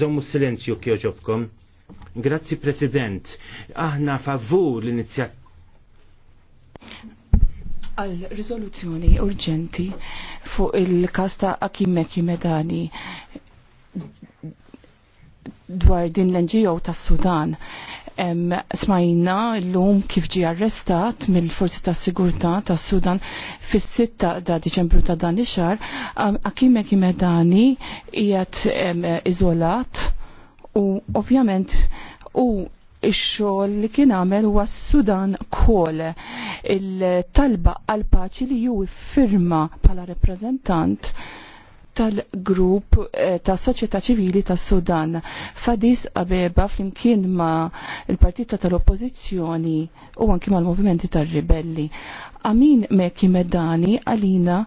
Żommu silenzju kjoġobkom. Grazzi President, aħna favur l-inizjat. Għal rizoluzzjoni urġenti fuq il kasta ta' Akimeki Medani dwar din l-NGO ta' Sudan smajna l-lum kif ġi arrestat mill-forzi ta' sigurta ta' Sudan fis sitta da' Diċembru ta' dan ix-xar, Akime Kimedani qiegħed iżolat u ovvjament u ix-xogħol li kien għamel huwa Sudan Kol il-talba għal paċi li ju firma bħala reprezentant tal-grupp eh, ta' soċjetà ċivili ta' Sudan. Fadis Abeba flimkien ma' il-partita tal-oppozizjoni u anki mal movimenti tal-ribelli. Amin me kimedani għalina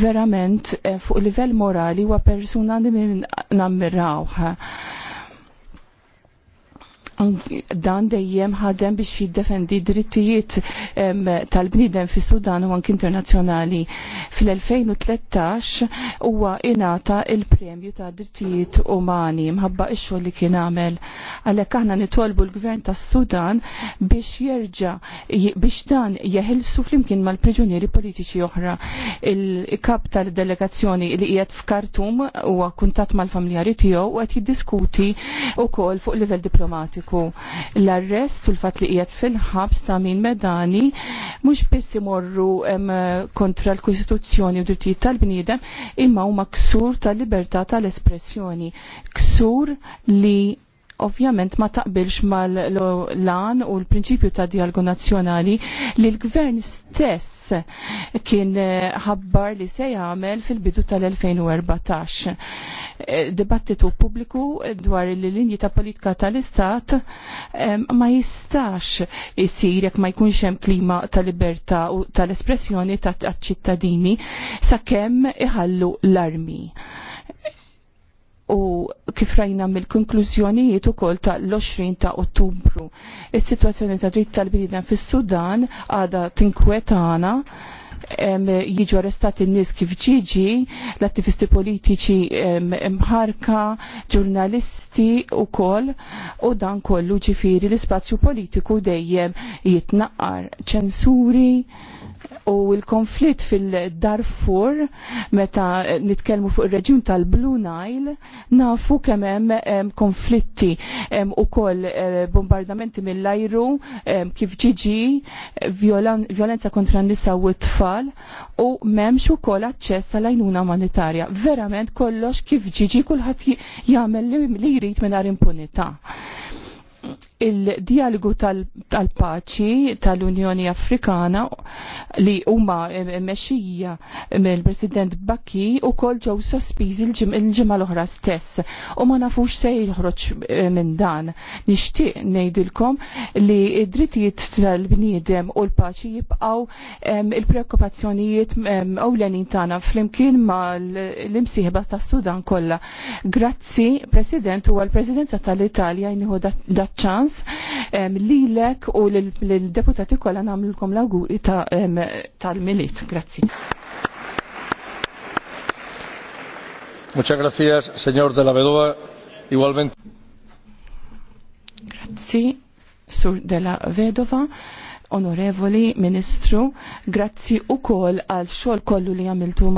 verament eh, fuq livell morali huwa persuna li minn dan dejjem ħadem biex jiddefendi drittijiet tal-bnidem fi Sudan u anki internazzjonali. Fil-2013 huwa inata il-premju ta' drittijiet umani mħabba ix-xogħol li kien għamel. Għalhekk aħna nitolbu l-gvern tas-Sudan biex jerġa' biex dan jeħilsu flimkien mal-priġunieri politiċi oħra. Il-kap tal-delegazzjoni li qiegħed f'Kartum huwa kuntat mal-familjari tiegħu u qed jiddiskuti wkoll fuq livell diplomatiku politiku. L-arrest u l-fat li qiegħed fil-ħabs ta' min medani mhux biss imorru kontra l-Kostituzzjoni u drittijiet tal-bniedem imma huma ksur tal-libertà tal-espressjoni. Ksur li ovvjament ma taqbilx mal-lan u l-prinċipju ta' dialogu nazzjonali li l-gvern stess kien eh, ħabbar li se jagħmel fil-bidu tal-2014. Eh, dibattitu pubbliku dwar il-linji ta' politika tal-Istat ma jistax isir jekk ma jkunx hemm klima ta' libertà u tal-espressjoni ta' ċittadini sakemm iħallu l-armi u kif rajna mill-konklużjonijiet ukoll tal-20 ta' Ottubru. Is-sitwazzjoni ta' dritt tal-bniedem fis-Sudan għadha tinkwetana jiġu arrestati n-nies kif ġiġi, l-attivisti politiċi mħarka, ġurnalisti u koll, u dan kollu ġifiri l-spazju politiku dejjem jitnaqar ċensuri u l-konflitt fil-Darfur meta nitkellmu fuq ir-reġjun tal-Blue Nile nafu kemm hemm konflitti em, u eh, bombardamenti mill-ajru kif ġiġi violenza kontra n-nisa u t-tfal tfal u memx ukoll aċċess għal għajnuna umanitarja. Verament kollox kif ġiġi kulħadd jagħmel li jrid mingħajr impunità il-dialogu tal-paċi tal-Unjoni Afrikana li huma mexija mill-President Bakki u kol ġew sospiżi l-ġimgħa l-oħra stess u ma nafux se jħroġ eh, minn dan. Nixtieq ngħidilkom li id-drittijiet tal-bniedem u l-paċi jibqgħu il-preokkupazzjonijiet ewlenin tagħna flimkien ma l-imsieħba tas-Sudan kollha. Grazzi, President, u l presidenza tal-Italja jnieħu daċ-ċans li lilek u l-deputati kollha namlilkom l-awguri tal milit Grazzi. Muchas gracias, señor de la Vedova. Igualmente. Grazzi, sur de la Vedova. Onorevoli Ministru, grazzi u kol għal xol kollu li għamiltu